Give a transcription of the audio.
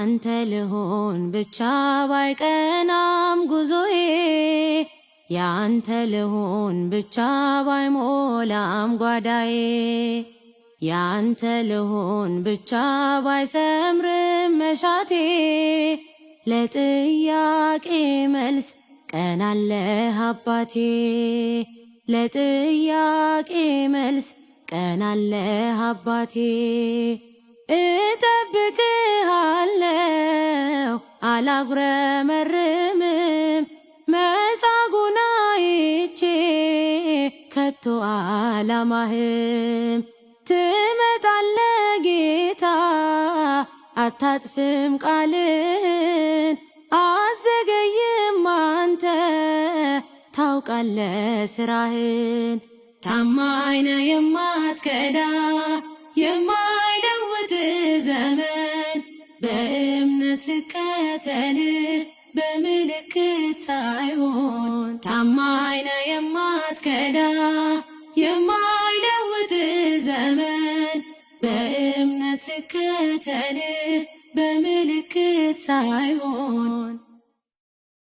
አንተ ልሆን ብቻ ባይቀናም ጉዞዬ የአንተ ልሆን ብቻ ባይሞላም ጓዳዬ የአንተ ልሆን ብቻ ባይሰምርም መሻቴ ለጥያቄ መልስ ቀናለህ አባቴ ለጥያቄ መልስ ቀናለህ አባቴ እጠብቅ አላጉረመርምም መጻጉዕን አይቼ ከቶ አላማህም ትመጣለ ጌታ አታጥፍም ቃልህን አዘገይም አንተ ታውቃለ ስራህን ታማይነ የማትከዳ የማይለውጥ ዘመን በእምነት በእምነት ልከተል በምልክት ሳይሆን ታማኝ የማትከዳ የማይለውጥ ዘመን በእምነት ልከተል በምልክት ሳይሆን